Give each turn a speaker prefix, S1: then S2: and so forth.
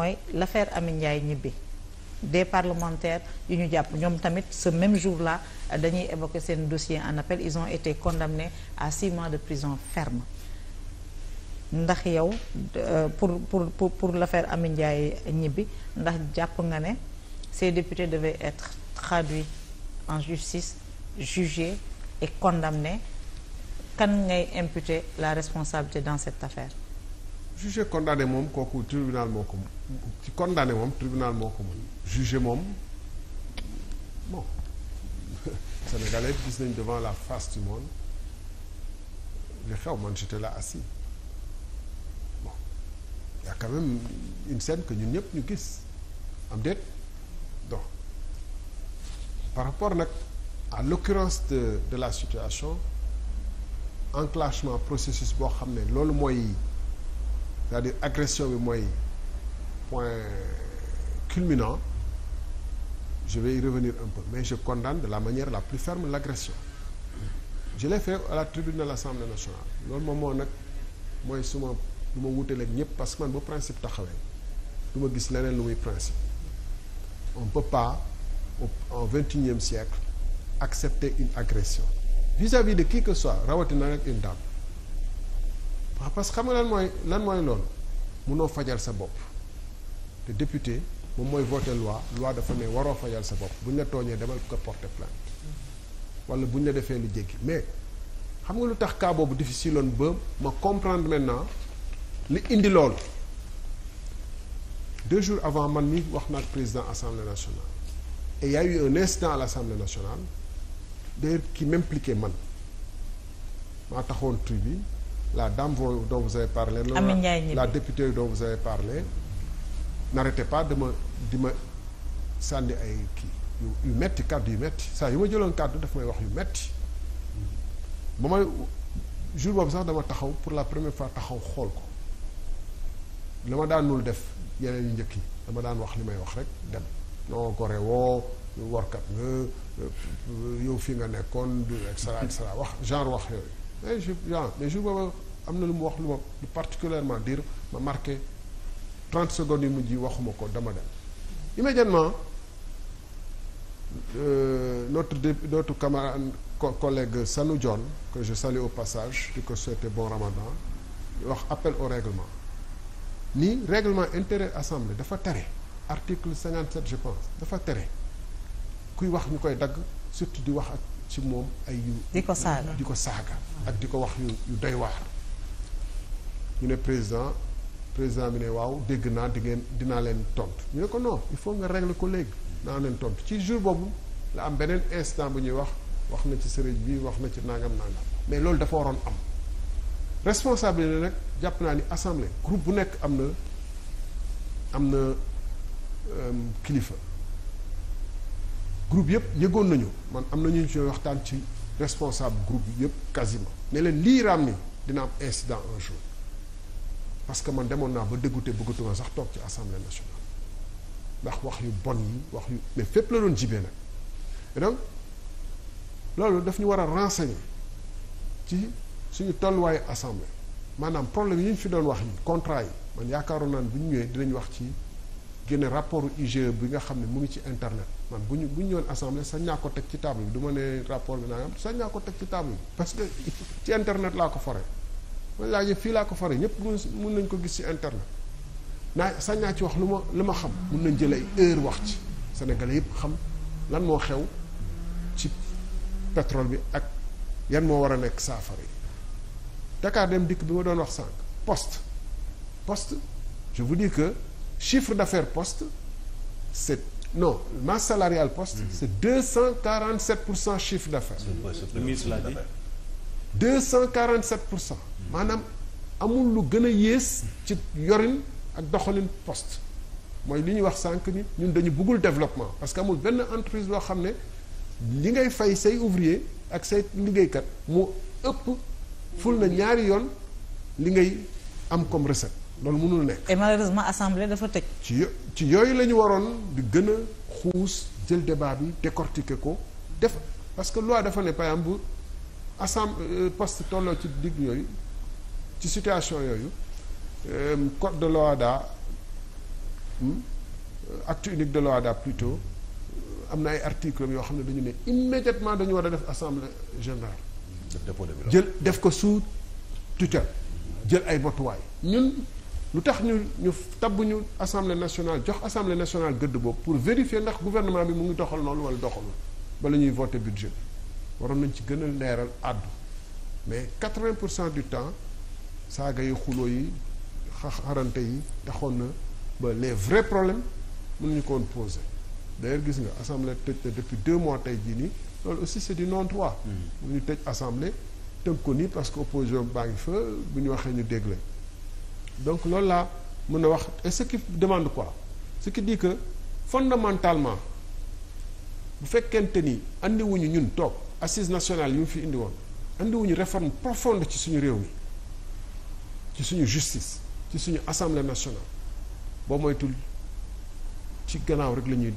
S1: mooy l'affaire Amy Ndiaye ñibbi des parlementaires yu ñu jàpp ñoom tamit ce même jour-là dañuy évoquer seen dossier en appel ils ont été condamnés à six mois de prison ferme ndax yow euh, pour pour pour pour l'affaire Amy Ndiaye ñibbi ndax jàpp nga ne ces députés devaient être traduits en justice jugés et condamnés kan ngay imputer la responsabilité dans cette affaire jugé condamné moom kooku tribunal moo ko ci condamné moom tribunal moo ko mën jugé moom bon sénégalais gis nañ devant la face du monde li xew man j'étais là bon y a une scène que ñun ñëpp ñu gis am déet par rapport nag à l'occurrence de la situation enclenchement processus boo xam ne loolu mooy c'est-à-dire agression bi mooy point culminant je vais y revenir un peu mais je condamne de la manière la plus ferme l'agression je l'ai fait à la tribune de nationale loolu moom moo nag mooy suma lu ma wuteel ak ñëpp parce que man ba principe taxawee du ma gis leneen lu muy principe on peut pas en vingt et siècle accepter une agression vis-à-vis de qui soit rawatina nag une dame waa parce que xam nga lan mooy lan mooy loolu munoo fajal sa bopp te député moom mooy voté loi loi dafa ne waroo fajal sa bopp bu ñu la tooñee demal ko porter plainte wala bu ñu la defee lu jéggi mais xam nga lu tax cas boobu difficile woon ba ma comprendre maintenant li indi loolu deux jours avant man mi wax naa président assemblée nationale et il y a eu un incident à l'assemblée nationale d'ailleurs qui man maa taxoon bi la dame dont vous avez parlé la, la députée dont vous avez parlé n'arrêtez pas de ma di ma sànni ay kii yu metti kàddu yu metti saa yu ma jëloon kàddu daf may wax yu metti ba may jour boobu sax dama taxaw pour la première fois taxaw xool ko li daan daanul def yeneen yu njëkk yi dama daan wax li may wax rek dem noo ko woo warkat nga yow fi nga nekkoon du et cetera wax genre wax yooyu Eh, mais je ah boobu am na lu mu wax lu ma lu particulièrement dire ma marqué 30 secondes yu mujj yi waxuma ko dama dem immédiatement euh, notre dé notre camarade co collègue Sanou John que je salue au passage di ko souhaiter bon ramadan wax appel au règlement ni règlement intérieur assemblée dafa tere article 57 je pense dafa tere kuy wax ñu koy dagg. surtout di wax ak ci moom ay yu. di ko saaga ak di ko wax yu yu doy waar. ñu ne président président bi ne waaw dégg naa di ngeen dinaa leen tontu ñu ne ko non il faut nga régler ko léegi naa leen tontu ci jour boobu la am beneen instant bu ñuy wax wax na ci sëriñ bi wax na ci nangam nangam mais loolu dafa waroon am responsabilité nag jàpp naa ni assemblée groupe bu nekk am na am na euh, kilifa. groupe yëpp yëgoon nañu man am nañu ci waxtaan ci responsable groupe yëpp quasiment ne leen lii raam ni dina am incident un jour parce que man demoon naa ba dégoûté bëggatuma sax toog ci assemblée nationale ndax wax yu bon yi wax yu mais fépp la doon jibee nag et loolu daf ñu war a renseigner ci suñu tolluwaayu assemblée maanaam problème yi ñu fi doon wax yi contrat yi man yaakaaroon naan bu ñu ñëwee dinañ wax ci génne rapport IGE bi nga xam ne mu ngi ci internet man bu ñu bu ñu ñëwoon assemblée sañ naa ko teg ci table bi du ma ne rapport bi naa am sañ naa ko teg ci table bi parce ci internet laa ko fore ma laajee fii laa ko fore ñëpp mun nañ ko gis ci internet naa sañ ci wax lu ma lu ma xam mun nañ jël ay heure wax ci sénégalais yëpp xam lan moo xew ci pétrole bi ak yan moo war a nekk saafara yi Dakar dem dikk bi ma doon wax sànq post post je vous chiffre d'affaires poste c'est non masse salariale poste mm -hmm. c'est cent quarante sept pour cent chiffre d'affaires le ministre l'a dit deux cent quarante sept pour cent maanaam amul lu gën a yées ci yorin ak doxalin poste mooy li ñuy wax sànq ni ñun dañu bëggul développement parce que amul benn entreprise loo xam ne li ngay fay say ouvrier ak say liggéeykat moo ëpp ful na ñaari yoon li ngay am comme recette loolu mënul nekk. et malheureusement assemblée dafa teg ci yo ci yooyu la ñu waroon di gën a xuus jël débat bi décortiquer ko def parce que loi dafa ne par exemple bu assemblée euh, poste tolloo ci digg yooyu ci situation yooyu euh, code de loi l'OHADA hmm, euh, acte unique de l'OHADA plutôt am na ay articles yoo xam ne dañu ne immédiatement dañu war a def assemblée générale. jël def ko sous tutelle jël ay botuwaay lu tax ñu ñu tabb ñu assemblée nationale jox assemblée nationale gëdd boobu pour vérifier ndax gouvernement bi mu ngi doxal noonu wala doxalul ba la ñuy voté budget bi waroon nañ ci gën a leeral àddu mais 80 pour cent du temps saaga yi xuloo yi xarante yi taxoon na ba les vrais problèmes mënuñu ko woon posé d'ailleurs gis nga assemblée tëj na depuis deux mois tey jii nii loolu aussi c'est du non droit. Mm. ñu tëj assemblée tënk ko nii parce que opposition baa ngi fa bu ñu waxee ñu dégg donc loolu laa mën a wax et ce qui demande quoi ce qui dit que fondamentalement bu fekkente ni andiwuñu ñun toog assise nationale yi mu fi indi woon andiwuñu réforme profonde ci suñu réew mi ci suñu justice ci suñu assemblée nationale boo moytul ci gannaaw rek la ñuy